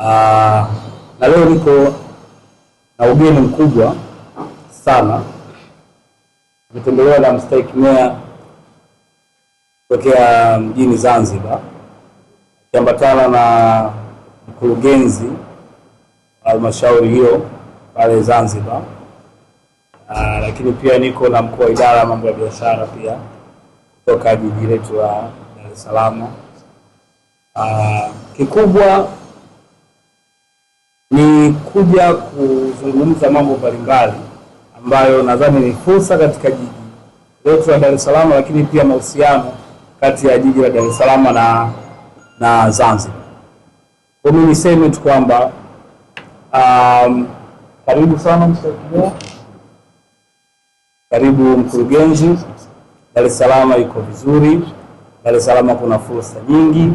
Ah, na leo niko na ugeni mkubwa sana, nimetembelewa na mstahiki meya kutokea mjini Zanzibar akiambatana na mkurugenzi wa halmashauri hiyo pale Zanzibar. Aa, ah, lakini pia niko na mkuu wa idara ya mambo ya biashara pia kutoka jiji letu la Dar es Salaam. Ah, kikubwa kuja kuzungumza mambo mbalimbali ambayo nadhani ni fursa katika jiji letu la Dar es Salaam, lakini pia mahusiano kati ya jiji la Dar es Salaam na, na Zanzibar. Kwa mimi niseme tu kwamba um, karibu sana msaidia, karibu mkurugenzi. Dar es Salaam iko vizuri, Dar es Salaam kuna fursa nyingi,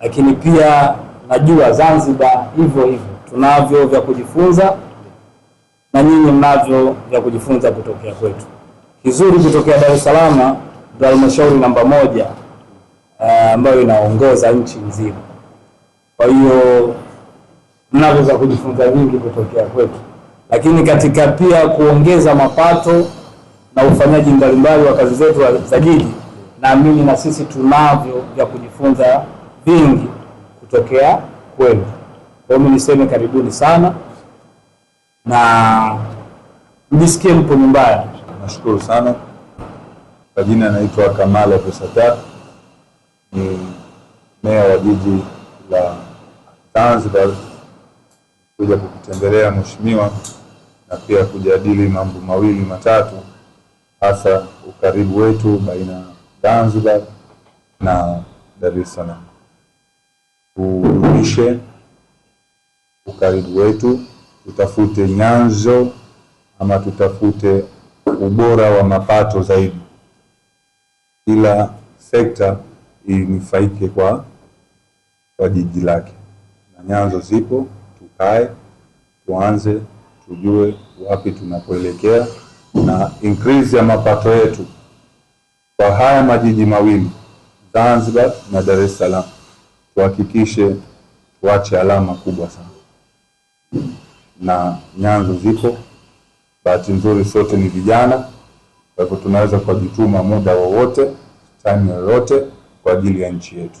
lakini pia najua Zanzibar hivyo hivyo tunavyo vya kujifunza na nyinyi mnavyo vya kujifunza kutokea kwetu. Kizuri kutokea Dar es Salaam ndio halmashauri namba moja eh, ambayo uh, inaongoza nchi nzima. Kwa hiyo mnavyo vya kujifunza vingi kutokea kwetu, lakini katika pia kuongeza mapato na ufanyaji mbalimbali wa kazi zetu za jiji, naamini na sisi tunavyo vya kujifunza vingi kutokea kwenu. Kwa hiyo niseme karibuni sana na mjisikie mpo nyumbani. Nashukuru sana. Kwa jina naitwa kamala Abdulsatar, ni meya wa jiji la Zanzibar, kuja kukutembelea mheshimiwa na pia kujadili mambo mawili matatu, hasa ukaribu wetu baina ya Zanzibar na Dar es Salaam. Tudumishe ukaribu wetu, tutafute nyanzo ama tutafute ubora wa mapato zaidi. Kila sekta inufaike kwa, kwa jiji lake, na nyanzo zipo. Tukae tuanze, tujue wapi tunapoelekea na increase ya mapato yetu kwa haya majiji mawili Zanzibar na Dar es Salaam, tuhakikishe tuache alama kubwa sana na nyanzo zipo. Bahati nzuri sote ni vijana, kwa hivyo tunaweza kujituma muda wowote, time yoyote kwa ajili ya nchi yetu.